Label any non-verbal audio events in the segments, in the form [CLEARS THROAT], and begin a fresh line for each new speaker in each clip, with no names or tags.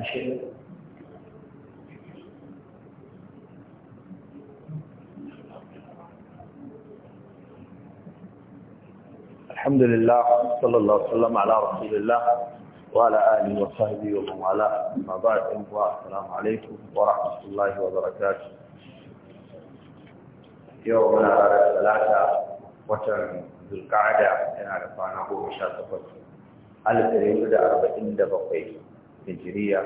الحمد لله صلى الله وسلم على رسول الله وعلى آله وصحبه ومن والاه أما بعد السلام عليكم ورحمة الله وبركاته يوم ثلاثة وتر ذو القعدة أنا رفعنا هو مشاكل ألف ريال أربعين دقيقة hijiriya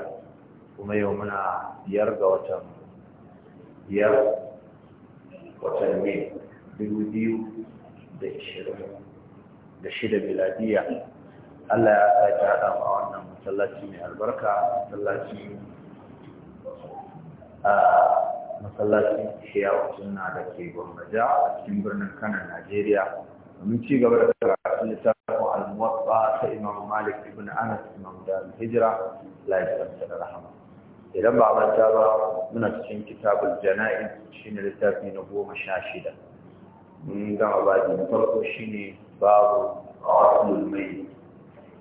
kuma yau muna biyar ga watan biyar watan mai dubu biyu da ishirin da shida miladiya Allah ya sake haɗa a wannan masallaci mai albarka masallaci a masallacin shiyawar na da ke gwamnati a cikin birnin kanan Najeriya domin ci gaba da karatun da haka imamu malik ibn anas imamu da hijira la ya karanta da rahama idan ba manta ba muna cikin kitabul jana'iz shine littafi na goma sha shida mun gama babi na farko shine babu qatlul mayyit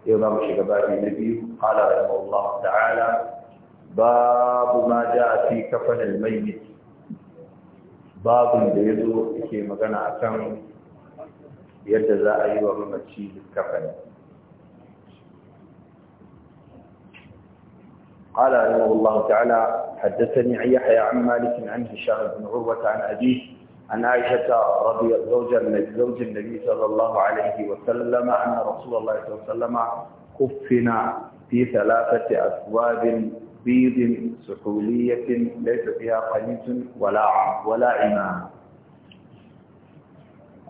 yau za mu shiga babi na biyu qala rahimahullahu ta'ala babu ma ja'a fi kafanil mayyit babun da yazo yake magana akan yadda za a yi wa mamaci kafani قال رحمه الله تعالى حدثني يحيى عن مالك عن هشام بن عروة عن أبيه عن عائشة رضي زوج النبي زوج النبي صلى الله عليه وسلم أن رسول الله صلى الله عليه وسلم كفنا في ثلاثة أثواب بيض سحولية ليس فيها قميص ولا ولا عمام.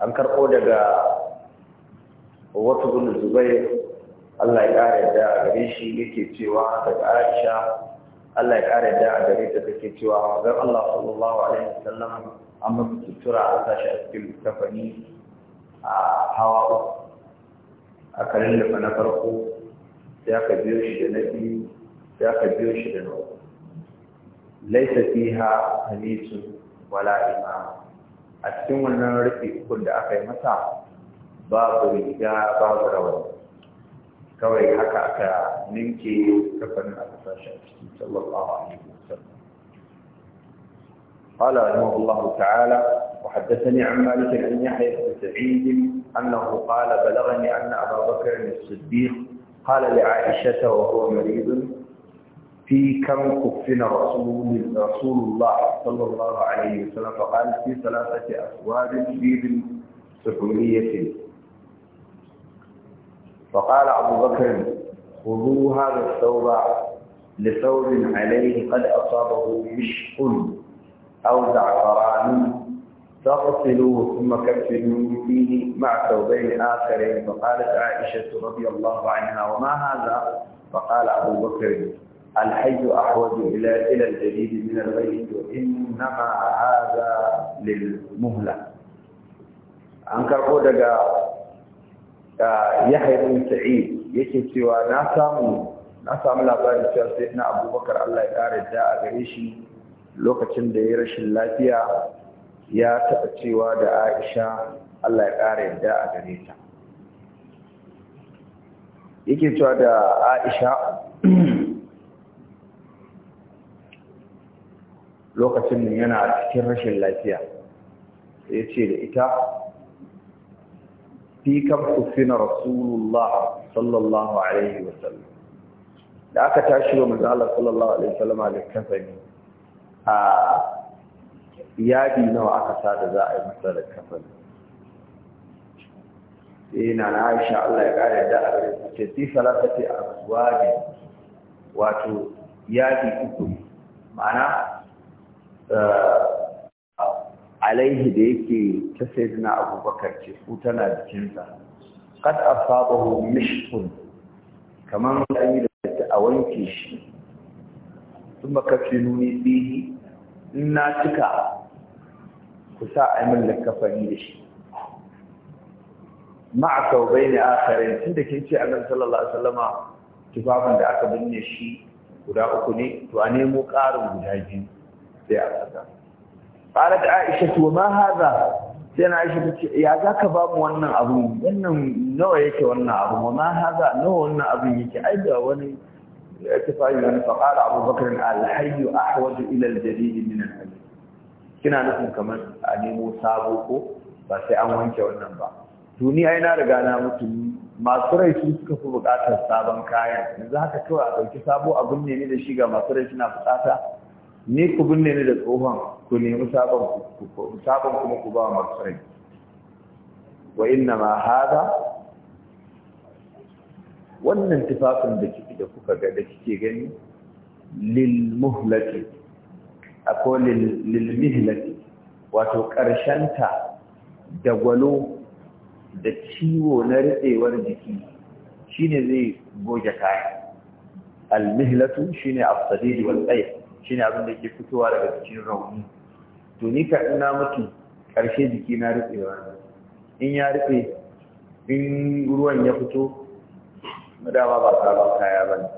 أنكر قول وطب الزبير Allah ya ƙara yadda a gare shi yake cewa daga Aisha Allah ya ƙara yadda a gare ta take cewa zan Allah sallallahu alaihi wasallam an masa sutura an a shi a cikin kafani a hawa uku a karin da na farko sai aka biyo shi da na biyu sai aka biyo shi da na uku laisa fiha hamisun wala imama a cikin wannan rufe ukun da aka yi masa babu riga babu rawar. kawai haka aka ninke kafanin aka sashi a ciki sallallahu alaihi wasallam قال رحمه الله تعالى وحدثني عن مالك بن يحيى بن سعيد انه قال بلغني ان ابا بكر الصديق قال لعائشه وهو مريض في كم كفن رسول رسول الله صلى الله عليه وسلم فقال في ثلاثه اثواب بيض سحوريه فقال أبو بكر خذوا هذا الثوب لثوب عليه قد أصابه مشق أو زعفران فاغسلوه ثم كفنوه فيه مع ثوبين آخرين فقالت عائشة رضي الله عنها وما هذا؟ فقال أبو بكر الحي أحوج إلى إلى الجديد من الغيث وإنما هذا للمهلة أنكر قدق da Yahya ibn Sa'id yake cewa na samu na samu labarin cewa sai na Abubakar Allah ya kare da a gare shi lokacin da ya rashin lafiya ya taɓa cewa da Aisha Allah ya kare da a gare ta yake cewa da Aisha [CLEARS THROAT] lokacin yana cikin rashin lafiya ya ce da ita fi kafin rasulullah sallallahu alaihi wa sallam? da aka tashi wa manzo Allah sallallahu alaihi wa sallam kafani a yadi nawa aka sada za a yi masa da kafani sai na Aisha Allah ya kare da a ta ce fi salafati azwaji wato yadi uku ma'ana eh, alaihi da yake ta saidina abubakar ce ku tana jikinsa kad asabahu mishkun kaman an yi da a wanke shi kuma nuni bihi in na cika ku sa a min lakafani da shi ma'a saubai ne akharin tunda kin ce annabi sallallahu alaihi wasallama tufafin da aka binne shi guda uku ne to a nemo ƙarin guda biyu sai a saka qalat aisha wa ma hadha sai na aisha ce, ya zaka ba mu wannan abu wannan nawa yake wannan abu wa ma hadha nawa wannan abu yake ai da wani ittifaqi wani faqala Abu Bakr al-hayy ahwaj ila al-jadid min al kina nufin kamar a nemo sabo ko ba sai an wanke wannan ba duniya ai na riga na mutu masu rai su suka fi buƙatar sabon kayan yanzu haka kawai a ɗauki sabo abin ne da shi masu rai suna buƙata ni ku binne ni da tsohon ku nemi sabon sabon kuma ku ba wa masarai wa inna ma haɗa wannan tufafin da kike da kuka ga da kike gani lil ako wato ƙarshen da gwalo da ciwo na riɗewar jiki shine zai goge kaya Almihlatu mihlatu shine as-sadid wal shine abin da ke fitowa daga cikin rauni to ni ka ina mutu ƙarshe jiki na rufewa in ya rufe in ruwan ya fito dama ba sabon kaya ba ne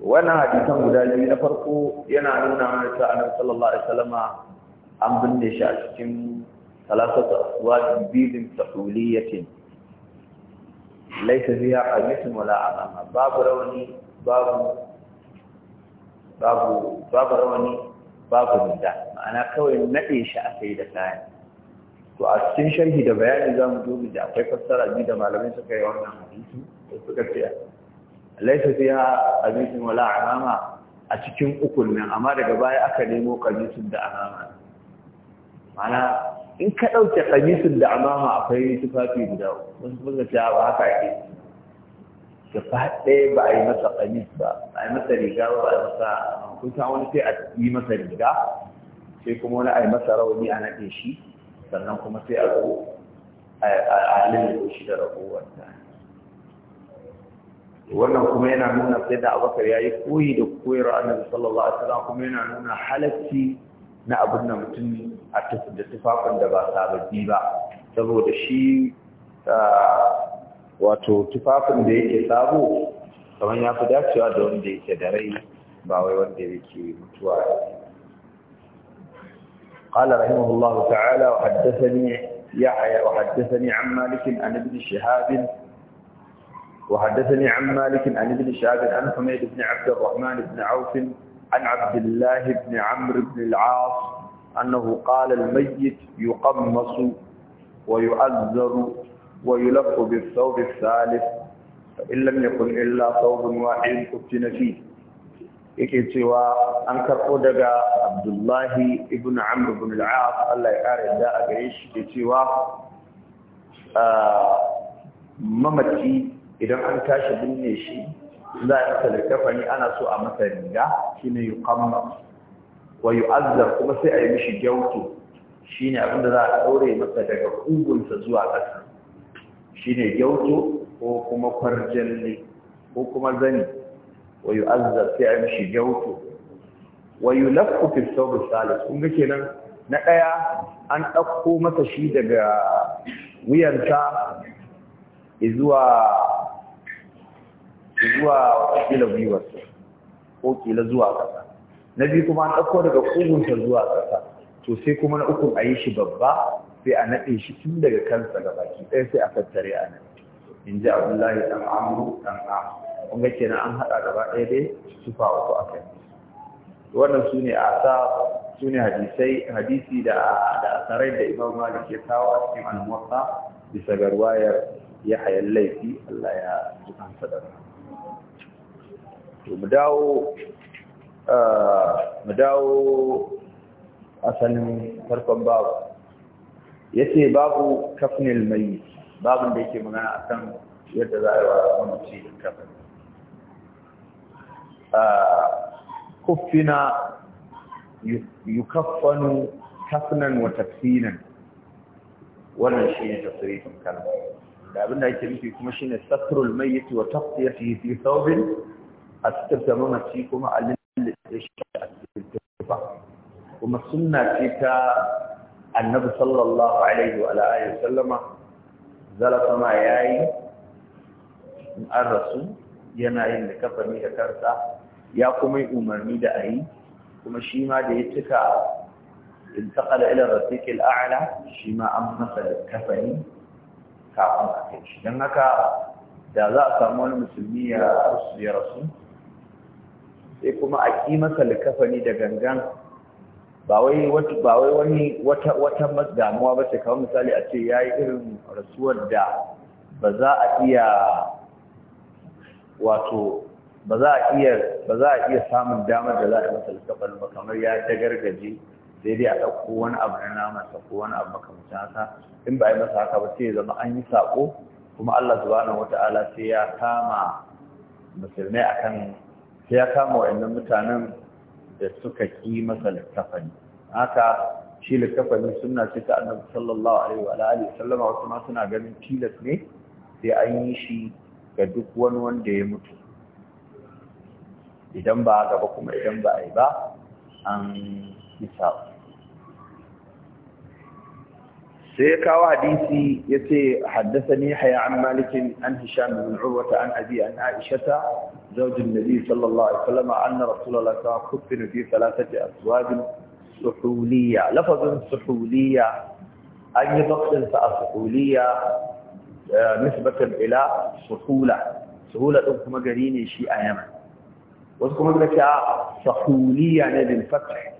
wannan hadisan guda biyu na farko yana nuna mana cewa annabi sallallahu alaihi wasallama an binne shi a cikin salasatu wa bidin sahuliyatin laysa fiha qamisun wala amama babu rauni babu babu babu rawani babu nida ma'ana kawai nade shi a kai da kayan to a cikin sharhi da bayani za mu dubi da akwai fassara biyu da malamai suka yi wannan hadisi da suka ce laisa fiha abisin wala alama a cikin ukun nan amma daga baya aka nemo qamisun da alama ma'ana in ka dauke qamisun da amama akwai tufafi guda wasu suka ce ba haka ake gaba ɗaya ba a yi masa kamis ba a yi masa riga ba a masa kun san wani sai a yi masa riga sai kuma wani a yi masa rauni a naɗe shi sannan kuma sai a zo a lalle shi da ragowar ta wannan kuma yana nuna sai da abakar ya yi koyi da koyar annabi sallallahu alaihi wasallam kuma yana nuna halacci na abin da mutum a da tufafin da ba sababbi ba saboda shi ah, wato tufafin da yake sabo kamar ya fi dacewa da wanda yake da rai ba wai wanda yake mutuwa قال رحمه الله تعالى وحدثني يحيى وحدثني عن مالك عن ابن شهاب وحدثني عن مالك عن ابن شهاب عن حميد بن عبد الرحمن بن عوف عن عبد الله بن عمرو بن العاص أنه قال الميت يقمص ويؤذر ويلف بالثوب الثالث فإن لم يكن إلا ثوب واحد كفن فيه yake cewa an karɓo daga abdullahi ibn amr ibn Allah ya ƙara yadda a gare shi ke cewa mamaci idan an tashi binne shi za a masa likafani ana so a masa riga shine yuqamma wa yu'azzar kuma sai a yi mishi gyautu shine abinda da za a ɗaure masa daga kugunsa zuwa ƙasa shine gyauto ko kuma ne ko kuma zani Wayu, azzar sai an shi gyauto Wayu yulaffu fi salis kun ga kenan na ɗaya an dauko masa shi daga wuyanta zuwa zuwa kila gwiwarsa ko kila zuwa kasa na biyu kuma an dauko daga kugunta zuwa kasa to sai kuma na ukun a yi shi babba sai a naɗe shi tun daga kansa ga baki ɗaya sai a tattare a nan in ji abdullahi ɗan amru ɗan a kun ga kenan an haɗa gaba ɗaya dai tufa uku a kai wannan su ne a sa su ne hadisai hadisi da da asarai da imam malik ya kawo a cikin al-muwatta bisa ga ya yahya laifi Allah ya ji kansa to mu dawo eh, mu dawo asalin farkon babu yace babu kafnil mayyit babun da yake magana akan yadda za a yi wa mamaci kafin kuffina yukaffanu kafnan wa tafsinan wannan shi ne tafsirin kalma da abin da ake nufi kuma shi shine satrul mayyit wa tafsiyatihi fi thawbin astabta mamaci kuma alil da shi a cikin tufa kuma sunna ce ta annabi sallallahu alaihi wa alihi sallama zalafama yayi in an rasu yana yin da kafani da kansa ya kuma yi umarni da ayi kuma shi ma da ya cika in intaqal ila rafiq al-a'la shi ma an masa da kafani kafin a kai shi dan haka da za a samu wani musulmi ya rasu ya rasu sai kuma a ƙi masa likafani da gangan ba wai wata wani wata damuwa ba ce kamar misali a ce yayi irin rasuwar da ba za a iya wato ba za a iya samun damar da za a masa littafin ba kamar ya dagargaje sai dai a ɗauko wani abu na nama ko wani abu makamancin haka in ba yi masa haka ba sai ya zama an yi sako kuma Allah subhanahu wata'ala sai ya kama musulmai akan sai ya kama wa'annan mutanen da suka ki masa littafani haka shi littafani suna ce ta annabi sallallahu alaihi wa alihi sallama wasu ma suna ganin tilas ne sai an yi shi ga duk wani wanda ya mutu idan ba gaba kuma idan ba a yi ba an isa sai kawo حديثي يتي حدثني حيا عن مالك عن هشام بن عروة عن ابي عن عائشة زوج النبي صلى الله عليه وسلم أن رسول الله صلى الله عليه وسلم كفن في ثلاثة أزواج سحولية لفظ سحولية أي ضغط سحولية نسبة إلى سحولة سحولة كما قريني شيء أيما وكما قلت سحولية يعني بالفتح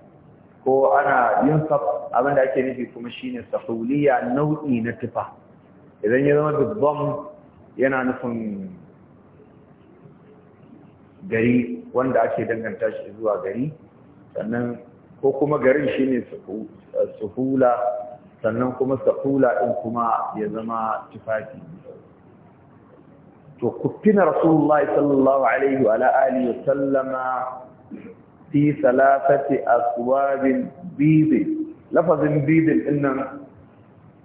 ko ana yin saf abin da ake nufi kuma ne sahuliya nau'i na tufa idan ya zama dubbam yana nufin gari wanda ake danganta shi zuwa gari sannan ko kuma garin ne suhula sannan kuma sahula ɗin kuma ya zama tufafi to kufina rasulullahi sallallahu alaihi wa alaali wa sallama fi salasati aswabin bibin lafazin bibin dinnan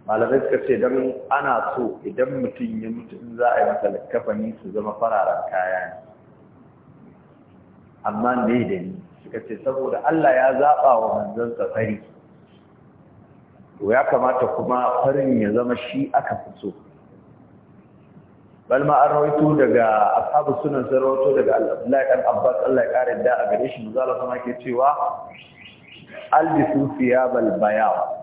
malamai suka ce don ana so idan mutum ya mutu in za a yi masa kafani su zama fararen kaya ne amma ne da ni suka ce saboda Allah ya zaɓa wa manzansa fari to ya kamata kuma farin ya zama shi aka fi so bal ma an rawaito daga ashabu sunan sun rawaito daga Allah dan Abbas Allah ya kare da a gare shi manzo kuma ke cewa albisu thiyabal bayaw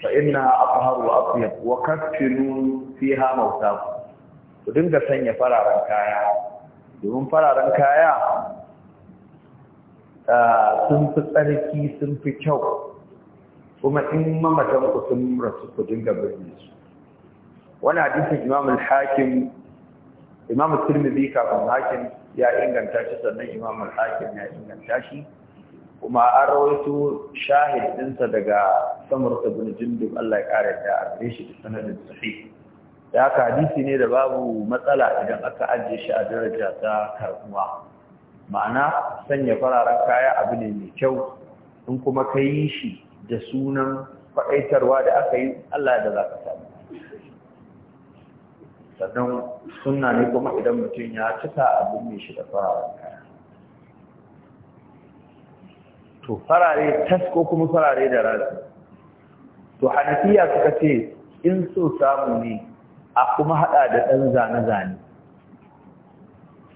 fa inna aqharu wa atyab wa kaffinu fiha mawtaq ku dinga sanya fararen kaya domin fararen kaya ah, sun fi tsarki sun fi kyau kuma in mamatan ku sun rasu ku dinga birni su wani hadisin imamul hakim imam tirmidhi kafin hakin ya inganta shi sannan imam al ya inganta shi kuma an rawaito shahid dinsa daga samurta bin jindub Allah ya kare da arbe shi da sanadin sahih da ka hadisi ne da babu matsala idan aka ajiye shi a daraja ta karbuwa ma'ana sanya fararen kaya abu ne mai kyau in kuma ka yi shi da sunan faɗaitarwa da aka yi Allah da za ka samu sannan suna ne kuma idan mutum ya cika abin mai shi da fararen kaya to farare tas ko kuma farare da rasu to hanafiya suka ce in so samu ne a kuma hada da ɗan zane-zane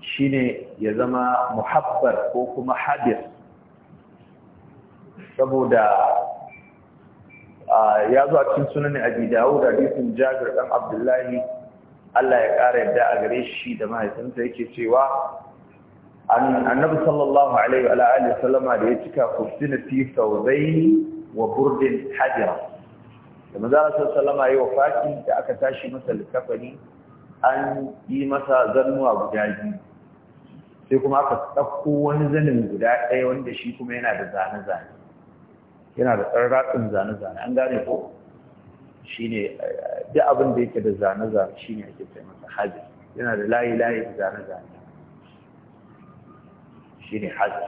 shine ya zama muhabbar ko kuma hadir. saboda ya zo a cikin sunan abi da hadisin jagar dan abdullahi Allah ya ƙara yadda a gare shi da mahaifinsa yake cewa annabi sallallahu alaihi wa alihi sallama da ya cika kuftina fi sauzaini wa burdin hajira da manzara sallama yi wa faki da aka tashi masa littafani an yi masa zannuwa guda biyu sai kuma aka ɗauko wani zanin guda ɗaya wanda shi kuma yana da zane-zane yana da ratsin zane-zane an gane ko shine eh, duk abin da yake da zane-zane shine ake ce masa hajji yana da layi-layi da zane-zane shine hajji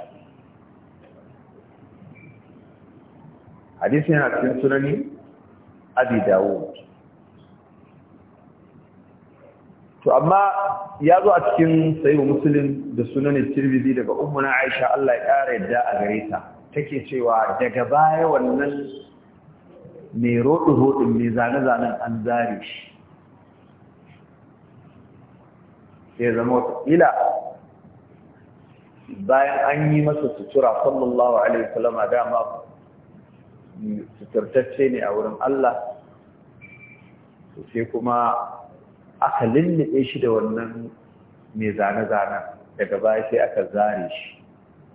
hadisi yana cikin sunani abi dawud to amma ya zo a cikin sayi musulun da sunanin tirmidhi daga ummuna aisha Allah ya kare da a gare ta take cewa daga baya wannan mai roɗin-roɗin mai zane-zanen an zare shi sai zama watakila bayan an yi masa sutura sallallahu alaihi salama dama suturtacce ne a wurin Allah sai kuma aka lullube shi da wannan mai zane-zanen daga baya sai aka zare shi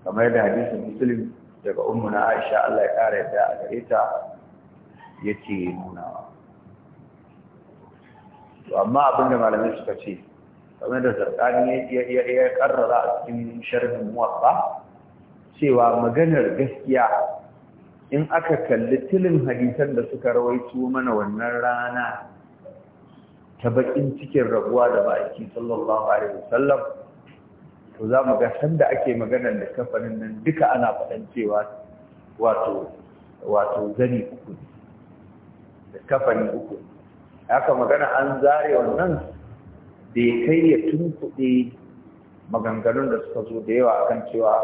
kamar da hadisin musulun daga ummuna Aisha Allah ya ƙara yadda a gare yake nunawa to amma abin da malamai suka ce kamar da zarkani ya karrara a cikin sharhin muwaffa cewa maganar gaskiya in aka kalli tilin hadisan da suka rawaito mana wannan rana ta bakin cikin rabuwa da baki sallallahu alaihi wasallam to za mu ga sanda ake maganar da kafanin nan duka ana faɗan cewa wato wato zani uku kafani uku haka magana an zare wannan bai kai ya tunkuɗe maganganun da suka zo da yawa akan cewa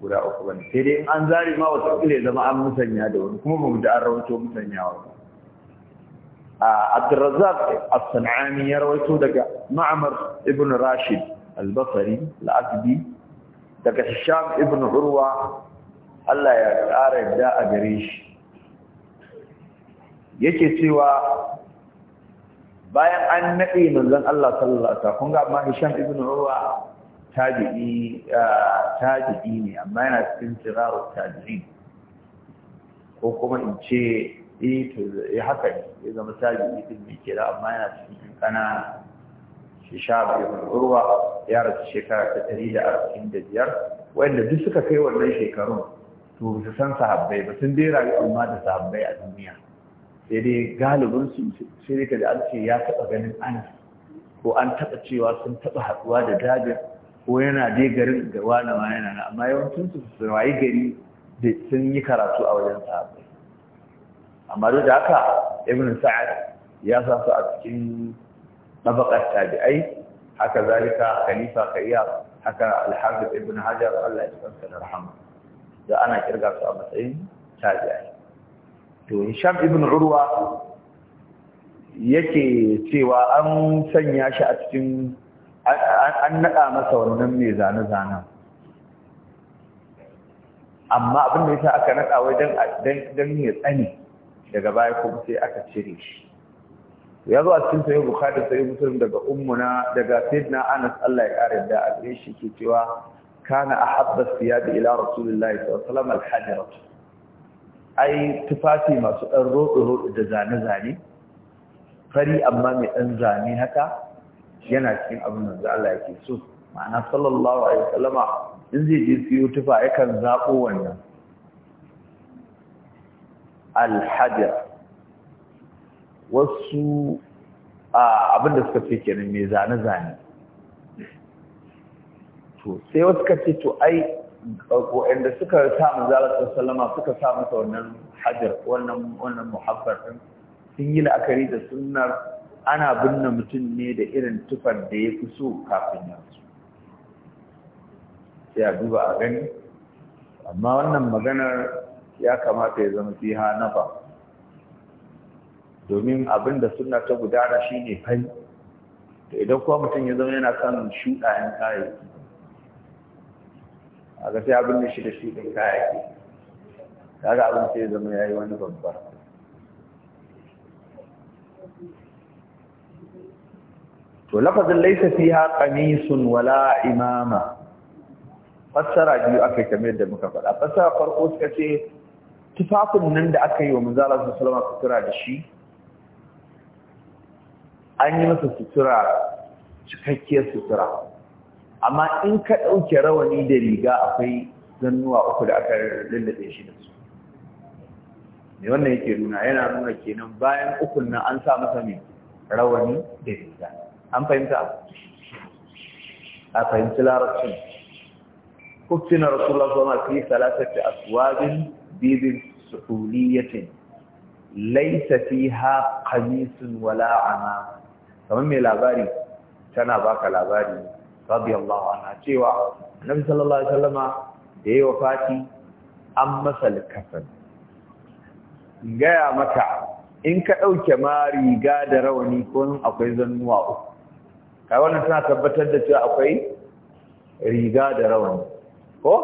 guda uku bane sai dai an zare ma wata kile zama an musanya da wani kuma ba mu da an rawaito musanyawa ba عبد الرزاق Rashid Al-Basri al ابن daga البصري Ibn Urwa. Allah ya ƙara yadda a gare shi. yake cewa bayan an nadi manzon Allah sallallahu alaihi wasallam kun ga amma Hisham ibn Urwa tabi'i tabi'i ne amma yana cikin siraru tabi'in ko kuma in ce eh to eh haka ne ya zama tabi'i din ne kira amma yana cikin kana Hisham ibn Urwa ya rasu shekara ta 145 wanda duk suka kai wannan shekarun to basu san sahabbai ba sun dai rayu amma da sahabbai a duniya sai dai galibin su sai dai kada an ya taba ganin an ko an taɓa cewa sun taba haɗuwa da dajin ko yana dai garin da wani ma yana na amma yawancin su su wayi gari da sun yi karatu a wajen sahabbai amma duk da haka ibn sa'ad ya sa su a cikin mabakar tabi'ai haka zalika khalifa kayya haka al-hafiz ibn hajar Allah ya tsanta da rahama da ana kirga su a matsayin tabi'ai to hisham ibn urwa yake cewa an sanya shi a cikin an naɗa masa wannan mai zane-zanen amma abin da yasa aka naɗa wai don ya tsani daga baya kuma sai aka cire shi ya zo a cikin sayi bukatar sayi musulun daga ummuna daga sidna anas allah ya ƙara da a gare shi ke cewa kana a habbas ya bi ila rasulullahi sallallahu alaihi wasallam alhajjaratu ai tufafi masu ɗan roɗo-roɗo da zane-zane fari amma mai ɗan zane haka yana cikin abin da za Allah yake so ma'ana sallallahu alaihi wasallama in zai je siyo tufa kan zaɓo wannan alhajar wasu abin da suka ce kenan mai zane-zane to sai wasu ka ce to ai waɗanda suka samu zalar Salama, suka sa ta wannan hajar wannan muhabbar ɗin, sun yi la'akari da sunnar ana binne mutum ne da irin tufar da ya fi so kafin ya sai a duba a gani amma wannan maganar ya kamata ya zama fiha ba. domin abin da sunna ta gudana shine fai da idan kuma mutum ya zama yana kan yan kayayyaki a ga sai abin da shi da shi ɗin kayaki kaga abin sai zama ya yi wani babbar. to lafazin laisa fiha qamisun wala imama fassara biyu aka kamar da muka faɗa fassara farko suka ce tufafin nan da aka yi wa manzo Allah sallallahu sutura da shi an yi masa sutura cikakkiyar sutura amma in ka ɗauke rawani da riga akwai zannuwa uku da aka lullube shi da su ne wannan yake nuna yana nuna kenan bayan ukun nan an sa masa ne rawani da riga an fahimta a fahimci larabcin kuftin rasulullah sallallahu fi salatati aswabin bibin suhuliyatin laisa fiha qamisun wala ama kamar mai labari tana baka labari radiyallahu anha cewa annabi sallallahu alaihi wasallama da yayi wafati an masa likafan gaya maka in ka dauke ma riga da rawani ko akwai zannuwa kai wannan tana tabbatar da cewa akwai riga da rawani ko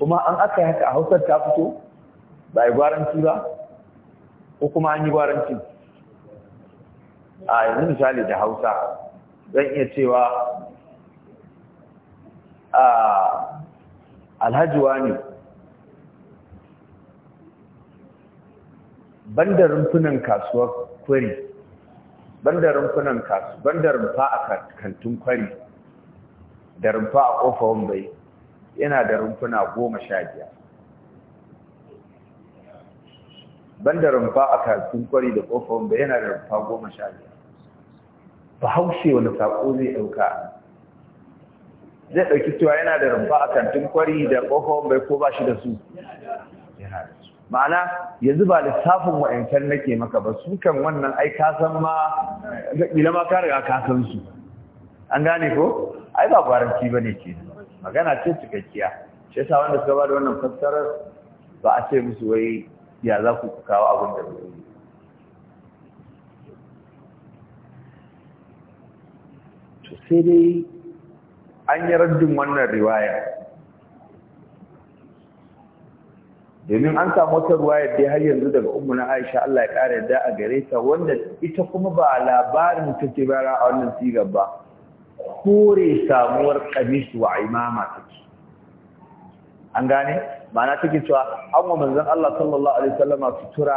kuma an aka haka a Hausar ta fito ba yi gwaranci ba ko kuma an yi gwaranci a yanzu misali da Hausa zan iya cewa alhajiwa ne banda rumfunan kasuwar kwari banda rumfunan kasu banda rumfa a kantin kwari da rumfa a ƙofa wambai yana da rumfuna goma sha biya banda rumfa a kantin kwari da ƙofa wambai yana da rumfa goma sha biya ba haushe wani saƙo zai ɗauka zai ɗauki cewa yana da rumfa a kantin kwari da ƙofar bai ko ba shi da su ma'ana yanzu ba lissafin na nake maka ba su kan wannan ai kasan ma ma ƙila ma ka riga kasan su an gane ko ai ba gwaranci ba ne ke magana ce cikakkiya shi yasa wanda suka ba da wannan fassarar ba a ce musu wai ya za ku kawo abin da ba sai dai an yi raddin wannan riwaya domin an samu wata riwaya dai har yanzu daga ummu na Aisha Allah ya ƙara yadda a gare ta wanda ita kuma ba labarin ce bara a wannan sigar ba kore samuwar kamisu wa imama take an gane ma'ana take cewa an wa manzan Allah sallallahu alaihi wasallama sutura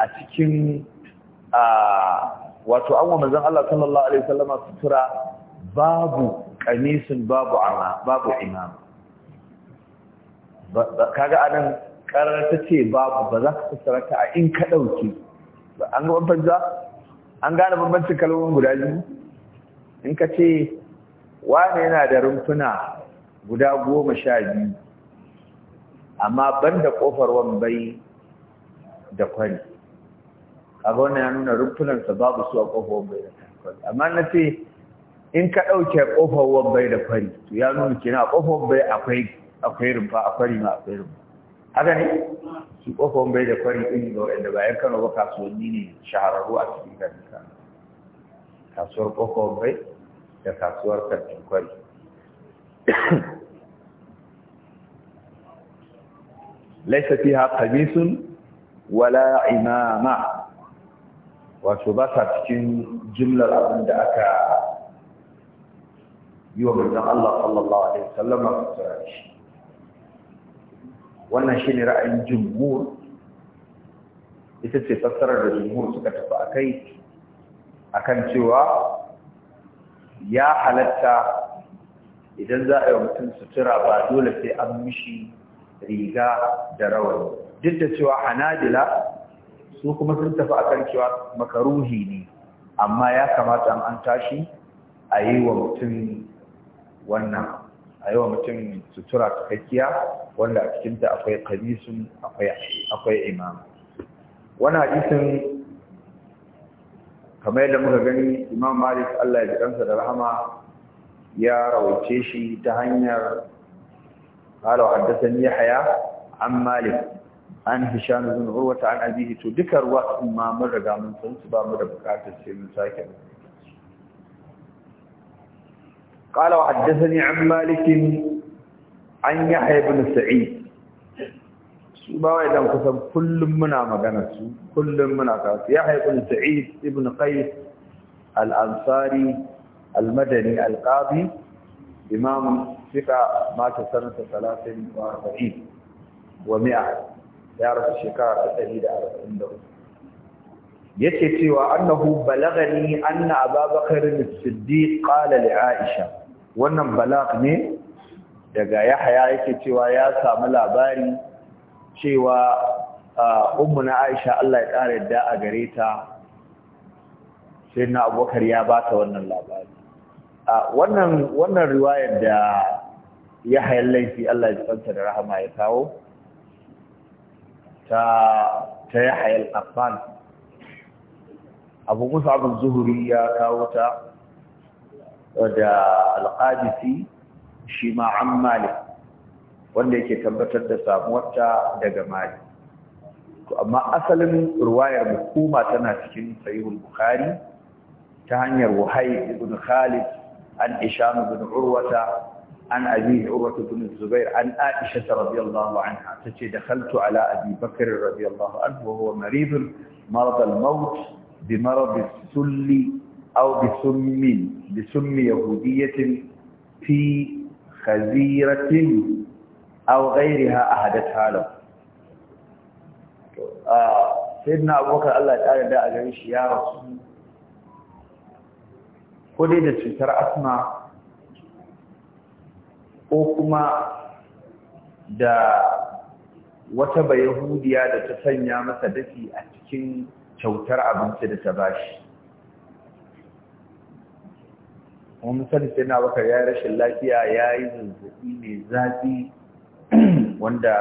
a cikin a wato an wa manzan Allah sallallahu alaihi wasallama sutura babu kamisin babu ama babu imam kaga anan karar ta ce babu ba za ka fassara ta a in ka dauki an ga bambanta an gane bambancin kalmomin guda biyu in ka ce wane yana da rumfuna guda goma sha biyu amma ban da ƙofar wambai da kwari kaga wannan ya nuna rumfunansa babu su a ƙofar wambai da kwari amma na ce in ka ɗauke ƙofar wabbai da fari to ya nuna kina a ƙofar wabbai akwai rumfa a fari ma akwai rumfa haka ne su ƙofar wabbai da fari ɗin ga waɗanda ba yan kano ba kasuwanni ne shahararru a cikin garin kano kasuwar ƙofar wabbai da kasuwar kantin kwari laisa ha qamisun wala imama wato ba sa cikin jumlar abin da aka yi wa Allah sallallahu alaihi wasallama sutura da shi wannan shi ne ra'ayin jumhur ita ce fassarar da jumhur suka tafi a kai akan cewa ya halatta idan za a yi mutum sutura ba dole sai an mishi riga da rawani duk da cewa hanadila su kuma sun tafi akan cewa makaruhi ne amma ya kamata an tashi a yi wa mutum wannan a yawan mutum sutura cikakkiya wanda a cikinta akwai kalisun akwai imam wani hadisin kamar yadda muka gani imam malik allah ya ji ɗansa da rahama ya rawace shi ta hanyar kala haddasan ya haya an malik an hishanu zunubar wata an to duka ruwa in ma mun riga mun san ba mu da bukatar sai mun sake rubuta قال وحدثني عن مالك عن يحيى بن سعيد su ba wai dan kusan kullum muna magana su kullum muna kasu yahya ibn sa'id ibn qais al-ansari al-madani al-qadi imam fiqa ma ta sanata 43 wa mi'a ya rasu shekara ta 143 yace cewa annahu balagani anna ababakar as aisha wannan balaq ne daga yahaya yake cewa ya samu labari cewa ummu na aisha Allah ya kare yadda a gare ta sai na abubakar ya ba ta wannan labari wannan wannan riwayar da yahaya laifi Allah ya tsanta da rahama ya kawo ta ta yahaya al-affan abu musa zuhuri ya kawo ta da alƙadisi shi ma an malik wanda yake tabbatar da samuwarta daga mali to amma asalin ruwayar hukuma tana cikin sahihul bukhari ta hanyar wahayi. ibn khalid an isham ibn urwata an abi urwata ibn zubair an aisha radiyallahu anha tace dakhaltu ala abi bakr radiyallahu anhu wa huwa marid marad al-maut bi marad as-sulli أو بسم بسم يهودية في خزيرة أو غيرها أحدثها له سيدنا أبو بكر الله تعالى دا أجريش يا رسول كل إذا ترى أسمع أوكما دا wata bayahudiya da ta sanya masa dafi a cikin kyautar abinci da ta bashi mun misali sai na bakar ya rashin lafiya ya yi zazzaɓi mai zafi [CLEARS THROAT] wanda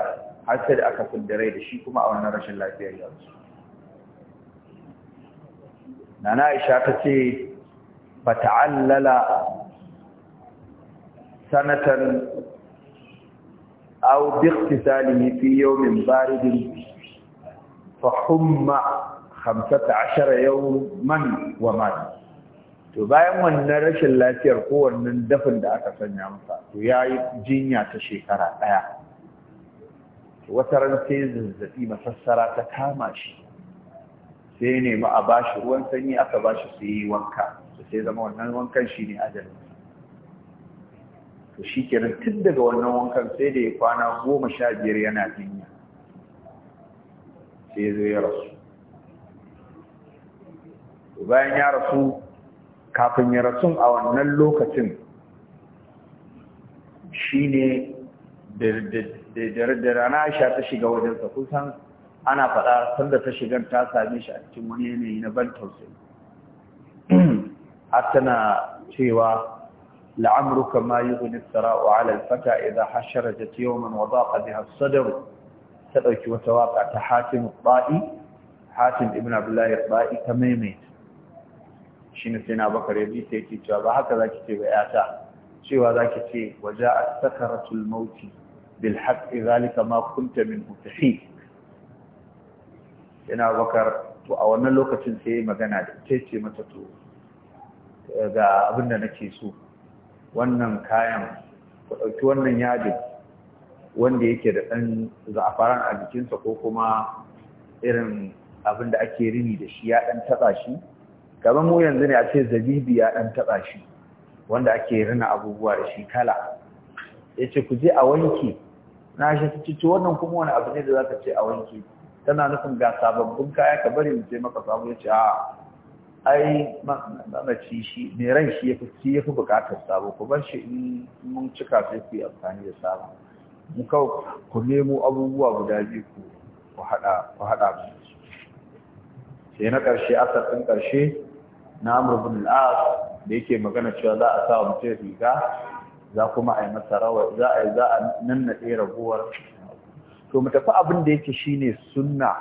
har sai da aka fidda rai da shi kuma a wannan rashin lafiya ya na nana aisha ta ce ba ta'allala sanatan aw bi ikhtisalihi fi yau min baridin fa humma yau man wa mani to bayan wannan rashin lafiyar wannan dafin da aka sanya masa to ya yi jinya ta shekara ɗaya wata ran sai zazzaɓi masassara ta kama shi sai nemi a bashi ruwan sanyi aka bashi su yi wanka sai zama wannan wankan shi ne ajalin to shi kenan tun daga wannan wankan sai da ya kwana goma sha biyar yana jinya sai ya ya rasu bayan ya rasu kafin ya rasu a wannan lokacin shi ne da rana sha ta shiga wajensa kusan ana faɗa sanda ta shigar ta sami shi a cikin wani yanayi na ban tausayi har tana cewa la'amru kama yi gudun sara'u ala alfata idan hashara ta ce yawon wadda a ƙazi ta ɗauki wata waƙa ta hatim ɓa'i hatim ibn abdullahi ɓa'i ta maimaita shine sai na bakar ya sai yake cewa ba haka zaki ce ga yata cewa zaki ce waje sakaratul mauti bil haqqi zalika ma kunta min mutahi ina bakar to a wannan lokacin sai magana da ita ce mata to ga abin da nake so wannan kayan ku ɗauki wannan yadin wanda yake da ɗan za'afaran a jikinsa ko kuma irin abin da ake rini da shi ya ɗan taɓa shi gaban mu yanzu ne a ce zabibi ya ɗan taba shi wanda ake rina abubuwa da shi kala ce ku je a wanke na shi cici wannan kuma wani abu ne da za ka ce a wanke tana nufin ga sababbin kaya ka bari mu je maka samu ce a ai mamaci shi mai ran shi yafi fi yafi bukatar sabo ku bar shi in mun cika sai ku yi amfani da sabo mu kawo ku nemo abubuwa guda biyu ku ku hada ku sai na ƙarshe asar ɗin ƙarshe na bin al da yake magana cewa za a sa wa mutum riga za kuma a yi masa rawa za a za a nannaɗe raguwar to mu tafi abin da yake shine sunna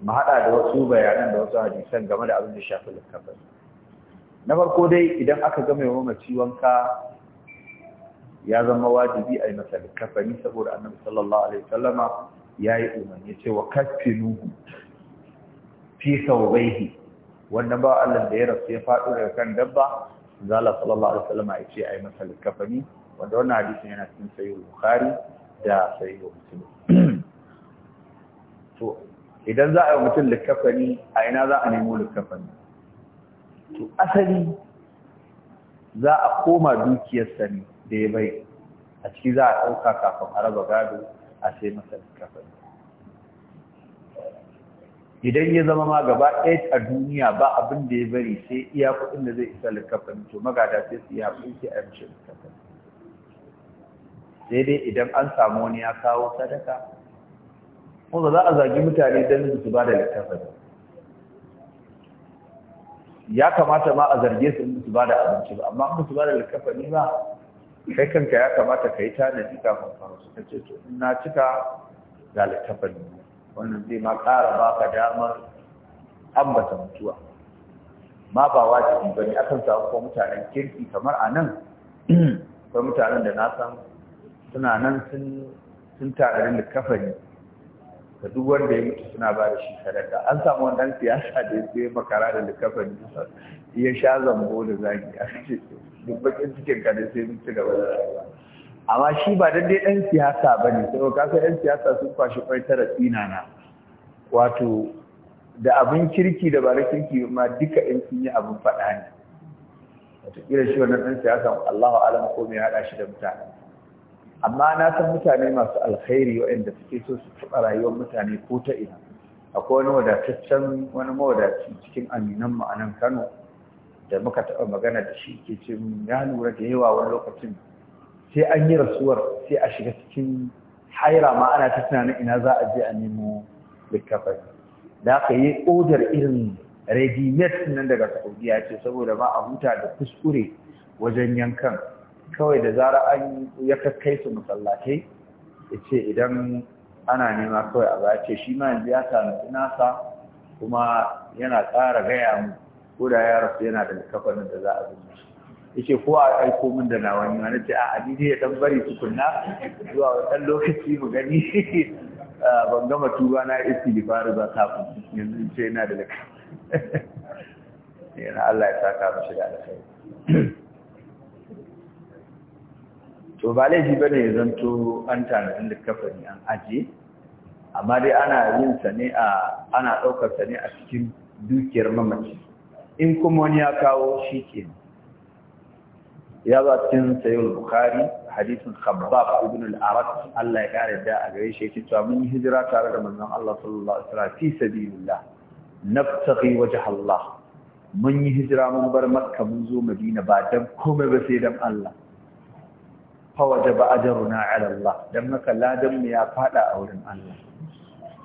mu haɗa da wasu bayanan da wasu hadisan game da abin da shafi littafin na farko dai idan aka ga mai mamaci wanka ya zama wajibi a yi masa ni saboda annabi sallallahu alaihi wasallama ya yi umarni cewa kafinu fi saubaihi wannan ba Allah da ya rasu ya faɗo daga kan dabba zala sallallahu alaihi wasallam ya ce ai masa likafani wanda wannan hadisin yana cikin sahih bukhari da sahih muslim to idan za a yi mutum likafani a ina za a nemo likafani to asali za a koma dukiyar Sani da ya bai a ciki za a ɗauka kafin a raba gado a sai masa likafani idan ya zama ma gaba ɗaya a duniya ba abin da ya bari sai iya kuɗin da zai isa likafin to magada sai su iya haƙuri sai a mishi likafin sai dai idan an samu wani ya kawo sadaka kuma za a zagi mutane don su ba da likafin ya kamata ma a zarge su su ba da abinci ba amma su ba da likafin ba kai kanka ya kamata ka yi tanadi kafin faru suka ce to na cika ga likafin ne wannan zai ma ƙara baka damar ambata mutuwa ma ba wajibi ba ne akan samu ko mutanen kirki kamar a nan ko mutanen da na san suna nan sun tare da kafari ka duk wanda ya mutu suna ba da shi sadaka an samu wannan siyasa da ya sai makara da kafari ya sha zambo da zagi a cikin duk bakin cikin ka sai mun ci gaba da rayuwa amma shi ba daidai ɗan siyasa ba ne sai ka san ɗan siyasa sun kwashi kwai tara tsinana wato da abin kirki da ba kirki ma duka ɗan sun yi abin faɗa ne wataƙila shi wannan ɗan siyasa Allahu alam ko mai haɗa shi da mutane amma na san mutane masu alkhairi waɗanda suke so su taɓa rayuwar mutane ko ta ina akwai wani wadataccen wani mawadaci cikin aminan mu a nan Kano da muka taɓa magana da shi ke ce ya lura da yawa wani lokacin sai an yi rasuwar sai a shiga cikin haira ma ana ta tunanin ina za a je a nemo likafai da aka yi odar irin redimet nan daga saudiya ce saboda ba a huta da kuskure wajen yankan kawai da zara an ya kakkai su masallatai ya ce idan ana nema kawai a baya ce shi ma yanzu ya sami nasa kuma yana ƙara gaya mu ko da ya rasu yana da likafanin da za a zuba yake ko a aiko min da nawa wani na ce a ni ya dan bari tukunna zuwa dan lokaci mu gani [LAUGHS] ah, ban gama tuba na istighfar ba kafin yanzu ce yana da laka [LAUGHS] yana Allah ya saka shiga da alkhairi [CLEARS THROAT] to ba laifi bane ya zanto an tanadin da kafani an aje amma dai ana yin sa ne a ana daukar sa ne a cikin dukiyar mamaci in kuma wani ya kawo shi kenan ya zo cikin sayyid bukhari hadisin khabbab ibn al-arat Allah ya kare da a gare shi cewa mun hijira tare da manzon Allah sallallahu alaihi wasallam fi sabilillah wajh Allah mun yi hijira mun bar makka mun zo madina ba dan komai ba sai dan Allah fa wajaba ajruna ala Allah dan maka ladan mu ya fada a wurin Allah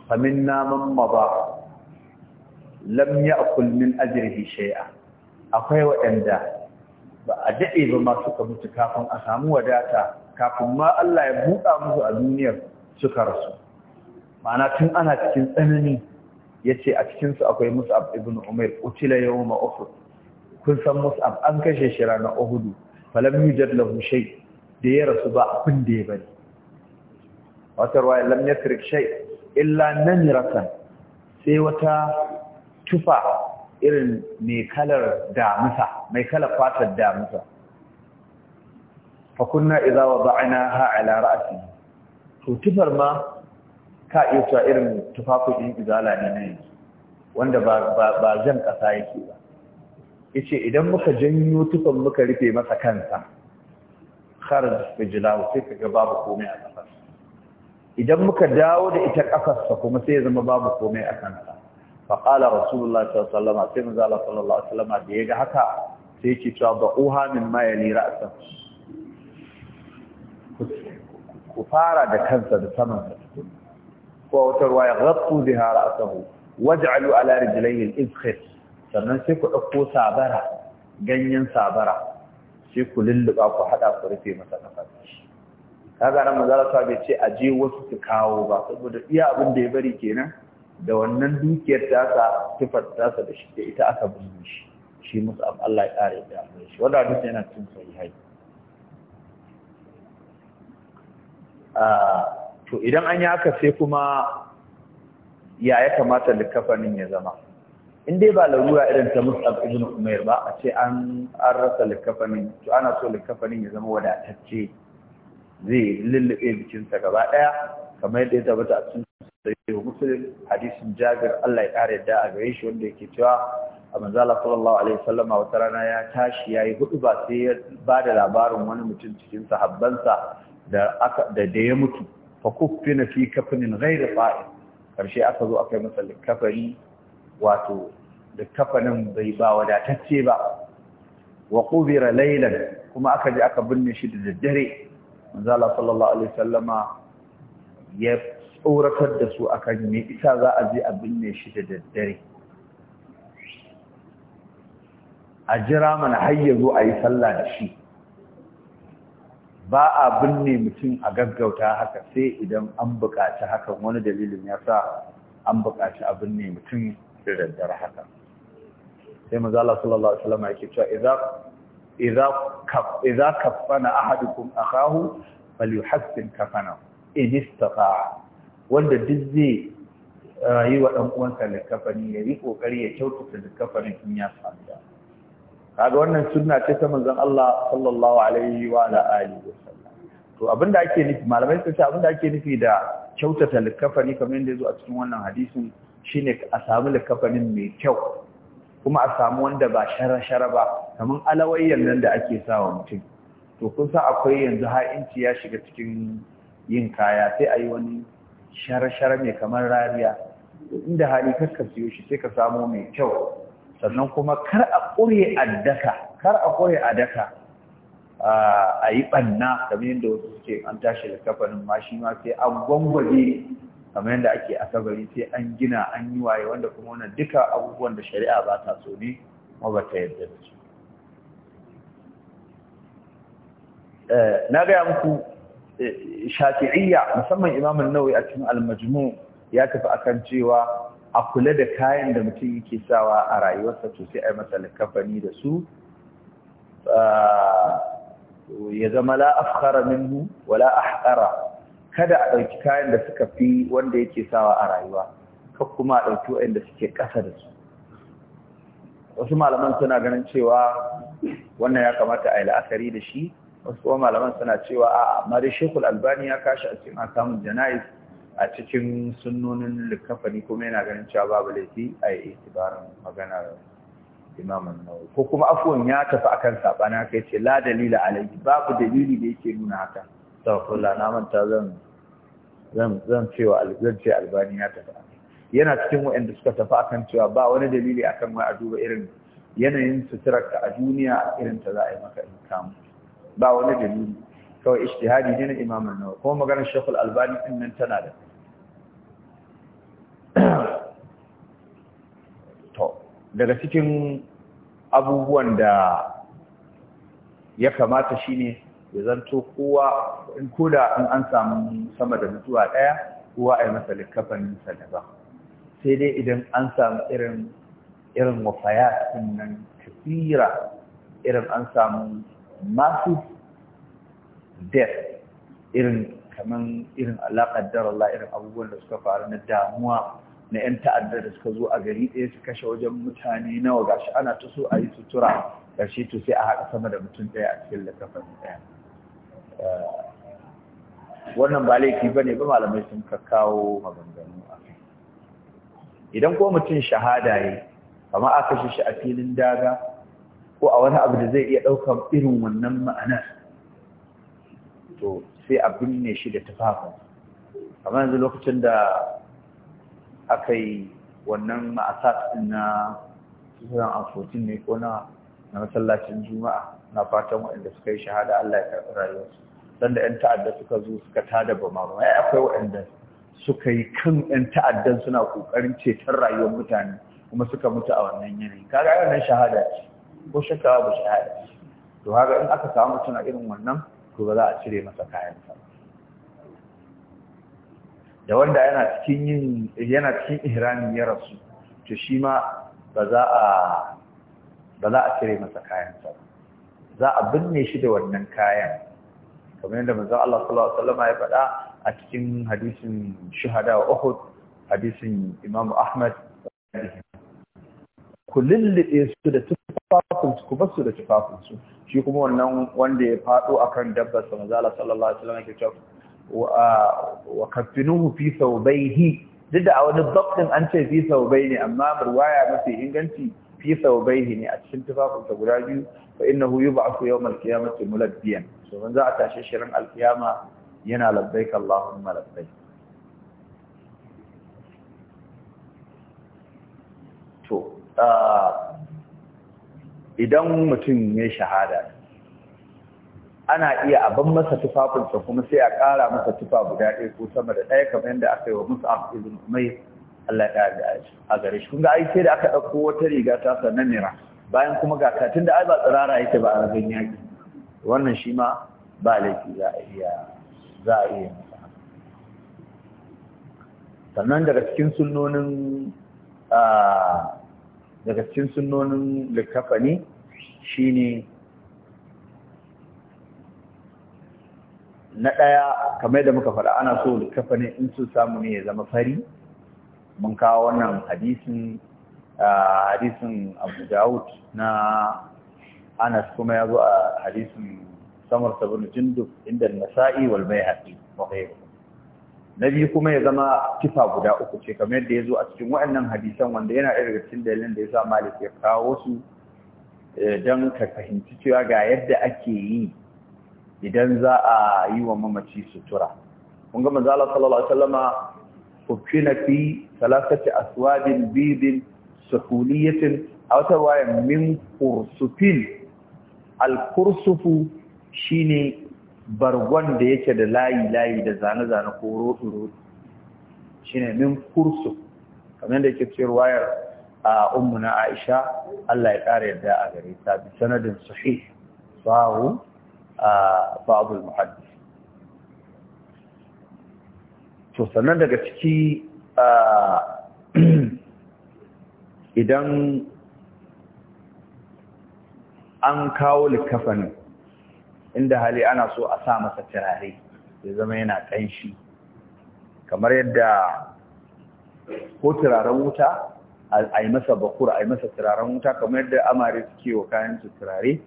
fa minna man mada lam ya'kul min ajrihi shay'a akwai waɗanda ba a daɗe ba ma suka mutu kafin a samu wadata kafin ma Allah ya buɗa musu a duniyar suka rasu ma'ana tun ana cikin tsanani ya ce a cikinsu akwai mus'ab ibn umair utila yau ma uhud kun san mus'ab an kashe shi ranar uhudu falam yujad lahu shay da ya rasu ba abin da ya bari wata ruwa lam yatrik shay illa namiratan sai wata tufa irin mai kalar damusa mai kalar fatar damusa fa kunna idza ha ala ra'si to tufar ma ka iya cewa irin tufafin izala ne ne yanzu wanda ba zan ƙasa yake ba yace idan muka janyo tufan muka rufe masa kansa kharaj jilaw sai kaga babu komai a kafarsa idan muka dawo da ita kafarsa kuma sai ya zama babu komai a kansa فقال رسول الله صلى الله عليه وسلم سيما زال صلى الله عليه وسلم ديجا هكا سيكي تضعوها مما يلي رأسه كفارة دكنسة دسمنة وتروى غطوا بها رأسه واجعلوا على رجليه الإبخر sannan sai ku ɗauko sabara ganyen sabara sai ku lulluɓa ku haɗa ku rufe masa kafar kaga nan manzara sa bai ce a je wasu su kawo ba saboda iya abin da ya bari kenan da wannan dukiyar tasa tufar tasa da shi da ita aka binne shi shi musu Allah ya ƙara da amma shi wanda duk yana cikin a to idan an yi haka sai kuma ya ya kamata likafanin ya zama in dai ba larura irin ta musab ibn umair ba a ce an an rasa likafanin to ana so likafanin ya zama wadatacce zai lullube bikinsa gaba ɗaya, kamar yadda ya tabbata a cikin sahihu muslim hadisin jabir Allah ya kare da a gare shi wanda yake cewa a manzala sallallahu alaihi wasallama wata rana ya tashi yayi hudu ba sai ya bada labarin wani mutum cikin sahabbansa da aka da da ya mutu fa kuffina fi kafnin ghayr fa'i karshe aka zo aka yi masa kafani wato da kafanin bai ba wadatacce ba wa qubira laylan kuma aka je aka binne shi da daddare manzala sallallahu alaihi wasallama ya tsoratar da su akan ne isa za a je a binne shi da daddare a jira mana har zo a yi sallah da shi ba a binne mutum a gaggauta haka sai idan an buƙaci hakan wani dalilin ya sa an buƙaci a binne mutum da daddare haka sai maza Allah sallallahu alaihi wasallam yake cewa idza idza kaf idza kafana ahadukum akahu falyuhassin kafana in istata'a wanda duk zai eh, yi wa ɗan uwansa likafani ya yi ƙoƙari ya kyautata likafanin in ya samu da kaga wannan suna ce ta manzan Allah sallallahu alaihi wa ala alihi wa sallam to da ake nufi malamai suka ce da ake nufi da kyautata likafani kamar yadda ya zo a cikin wannan hadisin shine a samu likafanin mai kyau kuma a samu wanda ba shara-shara ba kamar alawayyan nan da ake sawa mutum to kun sa akwai yanzu ha'inci ya shiga cikin yin kaya sai a yi wani shara-shara mai kamar rariya inda hali kakka siyo shi sai ka samo mai kyau sannan kuma kar a ƙure a daka kar a ƙure a daka a yi ɓanna kamar yadda wasu suke an tashi da kafanin ma ma sai an gwangwaje kamar yadda ake asabari sai an gina an yi waye wanda kuma wannan duka abubuwan da shari'a ba ta so ne kuma ba ta yadda da su eh, na gaya muku shafi'iyya musamman imamun nawawi a cikin almajmu ya tafi akan cewa a kula da kayan da mutum yake sawa a rayuwarsa to sai a yi masa likafani da su ya zama la afkhara minhu wala ahqara kada a ɗauki kayan da suka fi wanda yake sawa a rayuwa kar kuma a ɗauki waɗanda suke ƙasa da su wasu malaman suna ganin cewa wannan ya kamata a yi la'akari da shi wasu kuma malaman suna cewa a mari shekul albani ya kashi a cikin akamun janayis a cikin sunnonin likafani kuma yana ganin cewa babu laifi a yi itibarin da imamun nawawi ko kuma afuwan ya tafi akan sabana kai ce la dalila alayhi babu dalili da yake nuna haka sallallahu na manta zan zan zan cewa alzance albani ya tafi yana cikin wa'anda suka tafi akan cewa ba wani dalili akan wai a duba irin yanayin suturar ka a duniya irin ta za a yi maka in kamu ba wani dalili kawai ijtihadi ne na Imam nawa. nawawi kuma maganar Sheikh albani din nan tana da [COUGHS] to daga cikin abubuwan da ya kamata shine ya zanto kowa in koda in an samu sama da mutuwa ɗaya kowa ai masa likafan sa daban sai dai idan an samu irin irin wafayat din nan kafira irin an samu masu death irin kaman irin alaƙaddar Allah irin abubuwan da suka faru na damuwa na 'yan ta'addar da suka zo a gari ɗaya su kashe wajen mutane nawa Ga shi ana ta so a yi sutura ƙarshe to sai a haɗa sama da mutum ɗaya a cikin littafin ɗaya eh, wannan ba laifi ba ne ba malamai sun ka kawo maganganu a kai idan ko mutum shahada ya kama aka shi shi a filin daga ko a wani abu da zai iya ɗaukan irin wannan ma'anar to sai a binne shi da tufafin amma yanzu lokacin da aka yi wannan ma'asar na a amfotin ne ko na masallacin juma'a na fatan waɗanda suka yi shahada Allah ya karɓi rayuwarsu don da 'yan ta'adda suka zo suka tada ba ma ya akwai waɗanda suka yi kan 'yan ta'addan suna ƙoƙarin ceton rayuwar mutane kuma suka mutu a wannan yanayi kaga wannan shahada ce ko shakka ba shahada to haka in aka samu mutum a irin wannan to ba za a cire masa kayansa sa da wanda yana cikin yin yana cikin ihrami ya rasu to shi ma ba za a ba za a cire masa kayansa sa za a binne shi da wannan kayan kamar yadda manzon Allah sallallahu alaihi wasallam ya faɗa a cikin hadisin shuhada wa Uhud hadisin Imam Ahmad ku lullube su da tufafinsu ku basu da tufafinsu shi kuma wannan wanda ya faɗo akan dabbar sa manzala sallallahu alaihi wasallam yake cewa wa kaffinuhu fi thawbayhi duk da a wani dabtin an ce fi thawbayni amma riwaya mafi inganci fi thawbayhi ne a cikin tufafinsa guda biyu fa innahu yub'athu yawm al-qiyamati mulabbiyan so man za a tashe shirin alkiyama yana labbaik allahumma labbaik to ah, idan mutum ya shahada ana iya abin masa tufafinsa kuma sai a ƙara masa tufa guda ɗaya ko sama da ɗaya kamar yadda aka yi wa musu abin mai Allah ya da a gare shi kun ga ai sai da aka ɗauko wata riga ta sannan bayan kuma ga katin da ai ba tsirara yake ba a rabin yaƙi wannan shi ma ba laifi za a iya za a iya sannan daga cikin sunnonin ah, daga cikin sunnonin likafani shine na ɗaya kamar da muka faɗa ana so likafani in sun samu ne ya zama fari mun kawo wannan hadisun hadisun Abu na Anas kuma ya zo a hadisun Samar sabon jindu inda Nasa'i wal Baihaqi wa ba. na biyu kuma ya zama kifa guda uku ce kamar yadda ya zo a cikin waɗannan hadisan wanda yana irin cikin dalilin da ya sa malik ya kawo su eh, don ka fahimci cewa ga yadda ake yi idan za a yi wa mamaci sutura kun ga manzo Allah sallallahu alaihi Ku kufina fi salasati aswadin sukuliyatin a wata waya min kursufin al kursufu shine bargon da yake da layi-layi da zane-zane ko roɗi-roɗi shi ne min kursu kamar da yake cewar wayar a umu na aisha allah ya ƙara yadda a gare ta bi sanadin suhe, sahu a babul muhaddi to sannan daga ciki [CLEARS THROAT] idan an kawo likafanin inda hali ana so a sa masa turare ya zama yana ƙanshi kamar yadda ko turaren wuta a yi masa bakur a yi masa turaren wuta kamar yadda amare suke wa kayan su turare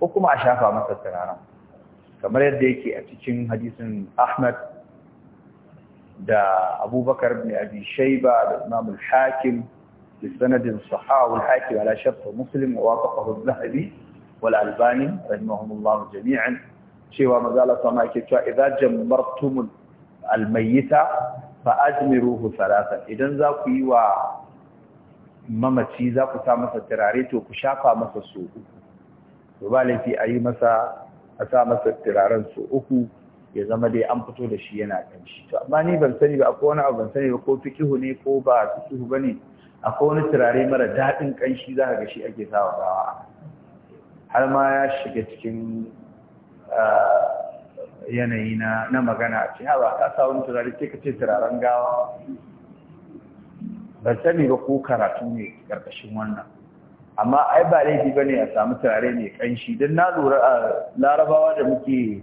ko kuma a shafa masa turaren kamar yadda yake a cikin hadisin ahmad da abubakar bin abi shaiba da imam al-hakim bi sanadin sahih hakim ala shart muslim wa waqafahu az-zahabi wal albani rahimahumullahu jami'an cewa mazala sama yake cewa idza jammartum al mayyita fa ajmiruhu thalatha idan za ku yi wa mamaci za ku sa masa turare to ku shafa masa so to ba laifi a yi masa a sa masa turaren so uku ya zama dai an fito da shi yana kan shi to amma ni ban sani ba akwai wani abu ban sani ba ko fikihu ne ko ba fikihu bane akwai wani turare mara daɗin kanshi za ka ga shi ake sawa gawa har ma ya shiga cikin yanayi na magana a ce hawa ka wani turare ce ka ce turaren gawa ban sani ba ko karatu ne ƙarƙashin wannan amma ai ba laifi ba ne a samu turare mai ƙanshi. don na lura a larabawa da muke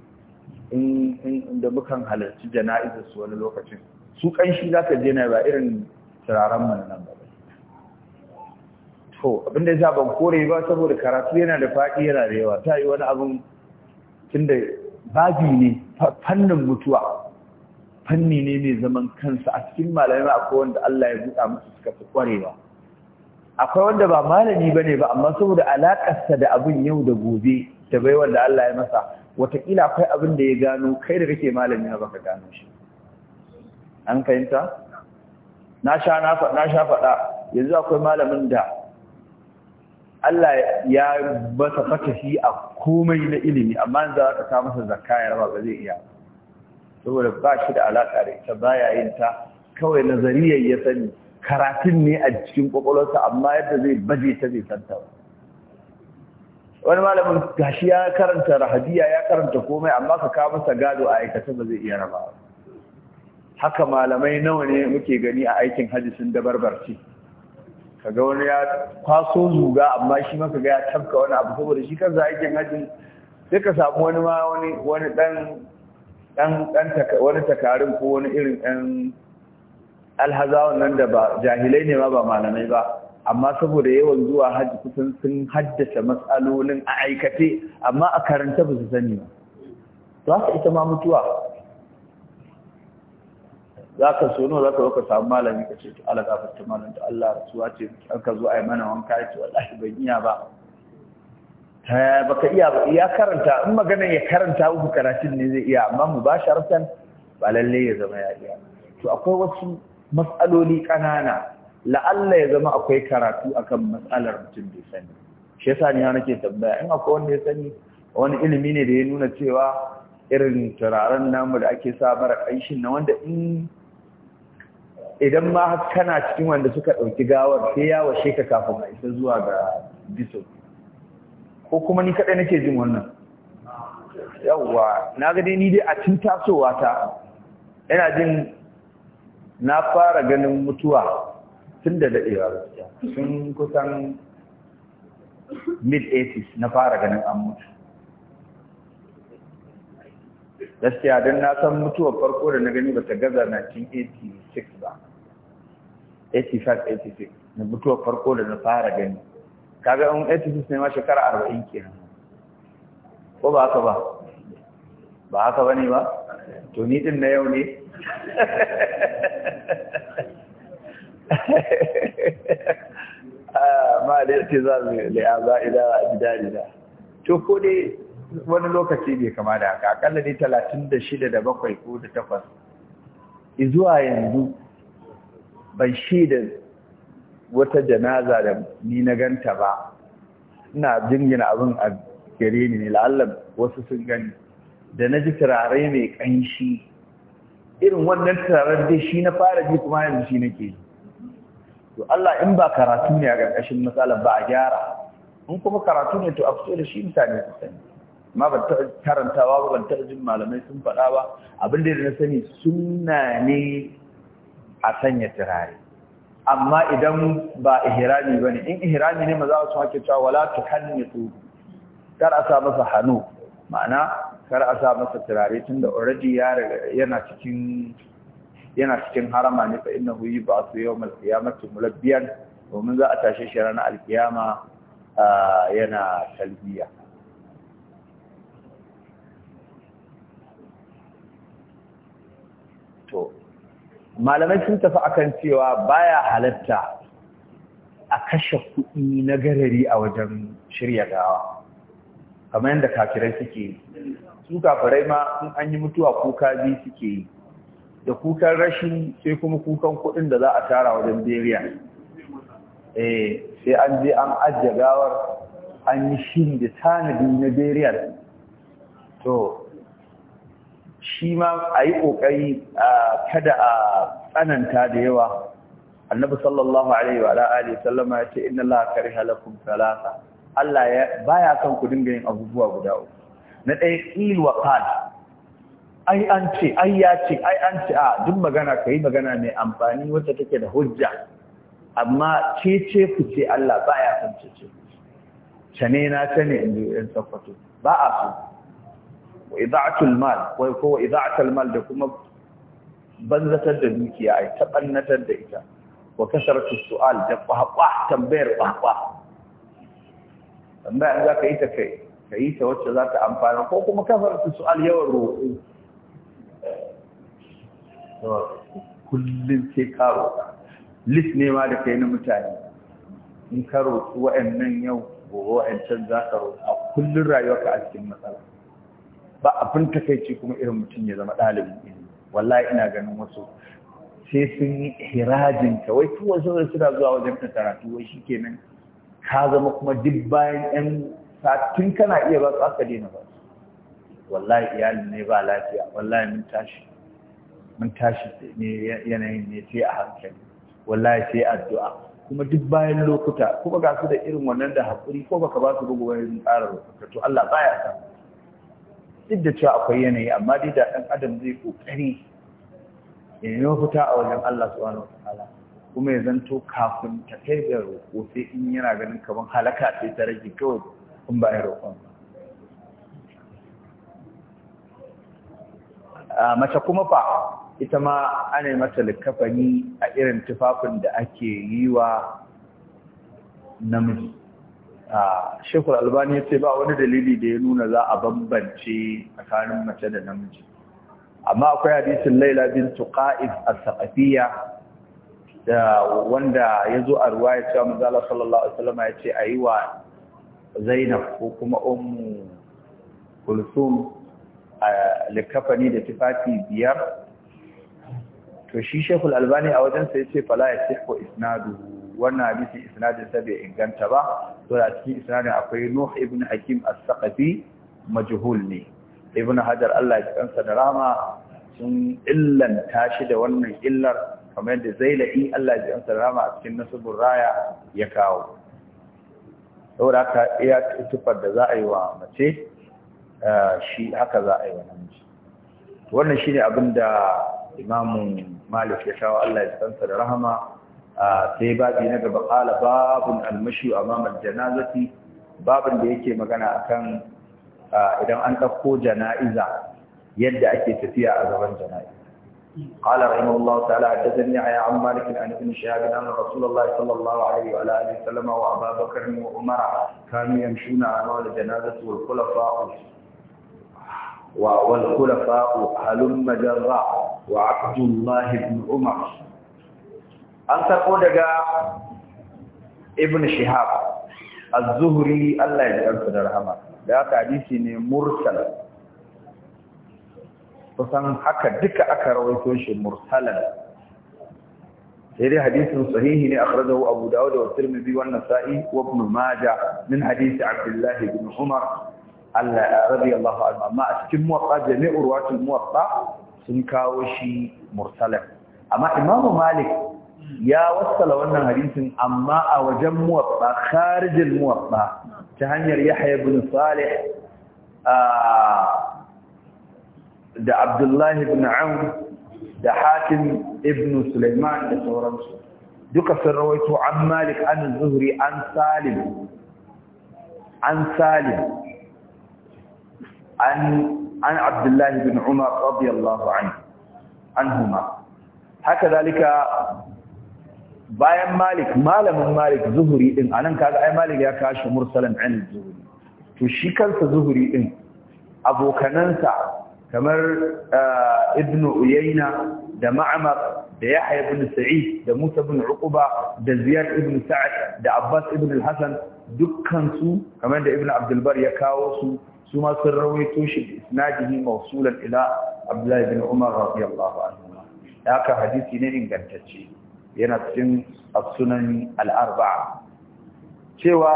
da mukan halarci jana'izar su wani lokacin su ƙanshi za ka je na ba irin turaren nan ba to abinda ya ban kore ba saboda karatu yana da faɗi yana da yawa ta yi wani abin tunda babi ne fannin mutuwa fanni ne mai zaman kansa a cikin malamai akwai wanda Allah ya buɗa musu suka fi ƙwarewa akwai wanda ba malami ba ne ba amma saboda alaƙarsa da abin yau da gobe da bai wanda Allah ya masa wataƙila akwai abin da ya gano kai da kake malami ba ka gano shi an fahimta na sha faɗa yanzu akwai malamin da Allah ya masa fatahi a komai na ilimi amma za ka ta masa zakka ya raba ba zai iya saboda ba shi da alaka da ita baya yin ta kawai nazariyar ya sani karatun ne a cikin kwakwalwarsa amma yadda zai baje ta zai santa wani malamin gashi ya karanta rahadiya ya karanta komai amma ka kawo masa gado a aikata ba zai iya raba haka malamai nawa ne muke gani a aikin hajji sun dabarbarci kaga wani ya kwaso zuga amma shi maka ga ya tafka wani abu saboda shi kansa aikin hajji sai ka samu wani ma wani wani dan dan dan wani takarin ko wani irin dan alhaza nan da ba jahilai ne ma ba malamai ba amma saboda yawan zuwa hajji kusan sun haddasa matsalolin a aikate, amma a karanta ba su sani ba za ita ma mutuwa za ka so nawa za ka ka samu malami ka ce ala gafarta malam da Allah rasuwa ce an ka zo a yi mana wanka ya ce wallahi ban iya ba baka iya ya karanta in maganar ya karanta uku karatun ne zai iya amma mu ba sharatan ba lalle ya zama ya iya to akwai wasu matsaloli kanana la'alla ya zama akwai karatu akan matsalar mutum bai sani shi yasa ni nake tambaya in akwai wanda ya sani wani ilimi ne da ya nuna cewa irin turaren namu da ake sa mara ƙanshin na wanda in idan ma kana cikin wanda suka ɗauki gawar sai ya washe ka kafin a isa zuwa ga biso ko kuma ni kaɗai nake jin wannan yawwa na ga dai ni dai a cin tasowa ta ina jin na fara ganin mutuwa tun da daɗewa gaskiya sun kusan mid 80s na fara ganin an mutu gaskiya don na san mutuwar farko da na gani ba ta gaza 1986 ba 85-86 na mutuwar farko da na fara gani kaga in 86 ne ma shekara 40 kenan ko ba haka ba ba haka ba ne ba to ni din na yau ne [LAUGHS] ah, ma da yake za mu a gida gida. to ko dai wani lokaci bai kama da haka akalla ne talatin da shida da bakwai ko da takwas zuwa yanzu ban shi da wata janaza da ni na ganta ba ina jingina abin a gare ni ne la'allar wasu sun gani da na ji turare mai ƙanshi irin wannan turaren dai shi na fara ji kuma yanzu shi nake yi to Allah in ba karatu ne a ƙarƙashin matsalar ba a gyara in kuma karatu ne to a fito da shi mutane su sani amma ban taɓa karantawa ba ban taɓa jin malamai sun faɗa ba abin da na sani sunna ne a sanya turare amma idan ba ihrami bane in ihrami ne maza su hake cewa wala tuhannitu kar a sa masa hannu, ma'ana kar a sa masa turare tunda already ya yana cikin yana cikin harama ne fa ba su yawmal qiyamati mulabbiyan domin za a tashe shi ranar alkiyama ah, yana talbiya malamai sun tafi akan cewa baya halatta a kashe kuɗi na garari a wajen shirya gawa kamar yadda kafirai suke yi su kafirai ma sun an yi mutuwa kuka biyu suke yi da kukan rashin sai kuma kukan kuɗin da za a tara wajen beriya eh sai an je an ajiye gawar an yi shi da tanadi na beriya to shi ma a yi ƙoƙari kada a tsananta da yawa annabi sallallahu alaihi wa ra'ali sallama ya ce inna allaha kari lakum Allah ya baya kan ku dinga yin abubuwa guda uku na ɗaya ƙil wa ai an ce ai ya ce ai an ce a duk magana kai magana mai amfani wacce take da hujja amma cece ku ce Allah baya son cece ce ne na ce ne in ji ɗan sakwato ba a so اضاعه المال وكو اضاعه المال لكم كما بنزت الدنيا اي تقنت الدنيا وكثرت السؤال جف حق تمبير أما ما ذاك ايت كي كايت وجه ذاك امبار كو كما كثرت السؤال يا الروح كل شيء لسني ما لك هنا متاني ان كرو وان من يوم وان تنذاكر كل رايك على مثلاً ba abin takaici kuma irin mutum ya zama ɗalibin ilimi wallahi ina ganin wasu sai sun yi hirajin ta wai wasu suna zuwa wajen ta karatu wai shi kenan ka zama kuma duk bayan yan satin kana iya ba su aka daina ba wallahi iyalin ne ba lafiya wallahi mun tashi mun tashi ne yanayin ne sai a hankali wallahi sai addu'a kuma duk bayan lokuta kuma ga su da irin wannan da haƙuri ko baka ba su bugu wani tsarin to Allah baya samu duk da cewa akwai yanayi amma dai da ɗan adam zai ƙoƙari ya yi mafita a wajen Allah subhanahu wataala kuma ya zanto kafin ta kai ga roƙo sai in yana ganin kamar halaka sai ta rage kawai in ba ya roƙon mace kuma fa ita ma ana yi mata likafani a irin tufafin da ake yi wa namiji shekul albani ya ce ba wani dalili da ya nuna za a bambance tsakanin mace da namiji amma akwai hadisin laila bin tuqa'if as-saqafiyya da wanda yazo a ruwaya cewa manzala sallallahu alaihi wasallam ya ce ayi wa zainab ko kuma ummu kulsum likafani da tifati biyar to shi shekul albani a wajen sa yace fala yasihu isnaduhu wannan hadisi isnadin sa bai inganta ba to a cikin isnadin akwai Nuh ibn Hakim as-Saqafi majhul ne Ibn Hajar Allah ya kansa da rama sun illan tashi da wannan illar kamar yadda Zailai Allah ya kansa da rama a cikin Nasbur Raya ya kawo saboda haka iya tufar da za a yi wa mace shi haka za a yi wa namiji wannan shine abin da Imam Malik ya kawo Allah ya kansa da rahama sai babi na gaba kala babun almashi a mamar janazati babin da yake magana akan idan an ɗauko jana'iza yadda ake tafiya a gaban jana'iza kala rahimu allahu ta'ala da zanni a yawan malikin a nufin shahadu na rasulallah sallallahu alaihi wa alaihi wa sallama wa ababakar ne wa janazati wa kulafa'u wa wa abdullahi bin an sako daga ibn shihab az-zuhri Allah ya ji da rahama da haka hadisi ne mursal kusan haka duka aka rawaito shi mursalan sai dai hadisin sahihi ne akhrajahu Abu Dawud wa Tirmidhi wa Nasa'i wa Ibn Majah min hadisi Abdullah ibn Umar Allah radiyallahu anhu amma a cikin muwatta jami'ur ruwatul muwatta sun kawo shi mursalan amma imamu Malik ya wassala wannan hadisin amma a wajen muwaffa kharijin muwaffa ta hanyar yahya ibn salih da abdullahi ibn aun da hatim ibn sulaiman da sauransu duka sun rawaito an malik an zuhri an salim an salim an an abdullahi ibn umar radiyallahu anhu anhuma haka zalika bayan malik malamin malik zuhuri din anan kaga ai malik ya kashi mursalan an zuhuri to shi kansa zuhuri din abokanansa kamar uh, ibn uyayna da ma'mar da yahya ibn sa'id da musa ibn uquba da ziyad ibn sa'ad da abbas ibn al-hasan dukkan su kamar da ibn abdul bar ya kawo su su ma sun rawaito shi isnadihi mawsulan ila abdullah ibn umar radiyallahu anhu haka hadisi ne ingantacce yana cikin as-sunan al cewa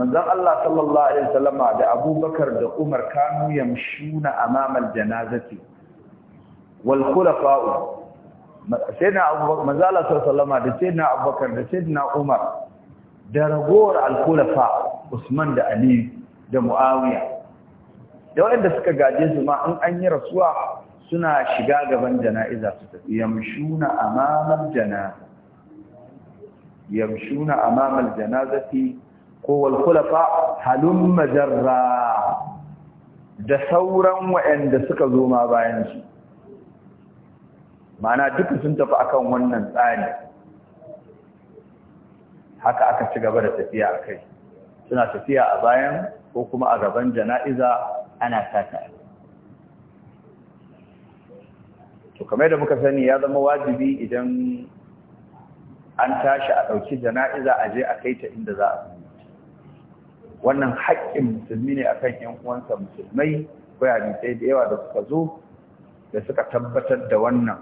manzon Allah sallallahu alaihi wasallama da Abubakar da Umar kanu yamshuna amama al-janazati wal khulafa'u sayyidina Allah sallallahu alaihi sai na Abubakar da sai na Umar da ragowar al-khulafa Usman da Ali da Muawiya da waɗanda suka gaje su ma in an yi rasuwa suna shiga gaban jana'iza su tafi yamshuna amamal janaza yamshuna amama aljanazati ko wal khulafa halum majarra da sauran wayanda suka zo ma bayan su mana duka sun tafi akan wannan tsari haka aka ci gaba da tafiya a kai suna tafiya a bayan ko kuma a gaban jana'iza ana sata to kamar da muka sani ya zama wajibi idan an tashi a ɗauki jana'iza a je a kai ta inda za a wannan haƙƙin musulmi ne akan ƴan uwansa musulmai ko hadisai da yawa da suka zo da suka tabbatar da wannan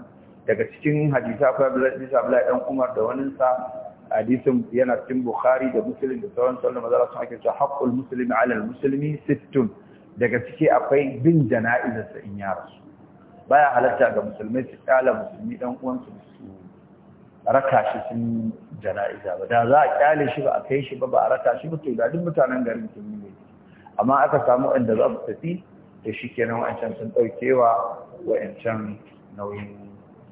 daga cikin hadisa akwai hadisa Abdullahi Umar da sa yana Bukhari da Muslim da sittun daga ciki akwai bin jana'izarsa in baya halarta ga musulmai su kala musulmi raka shi sun jana'iza ba da za a kyale shi ba a kai shi ba ba a raka shi ba to da duk mutanen garin sun yi mai amma aka samu inda za su tafi da shi kenan wa'ancan sun ɗaukewa wa'ancan nauyin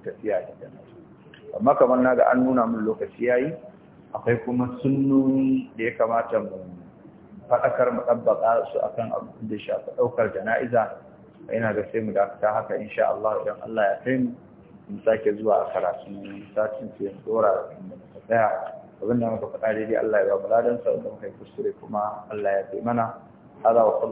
tafiya da jana'iza amma kamar na ga an nuna min lokaci ya yi akwai kuma sunnoni da ya kamata mu faɗakar mu ɗabbaƙa su akan abin da shafi ɗaukar jana'iza ina ga sai mu dakata haka insha Allah idan Allah ya kai mu in sake zuwa a karatun satin ke tsora da tsaya abin da muka faɗa daidai Allah ya ba mu ladan sa da muka yi kuskure kuma Allah ya bi mana hada wa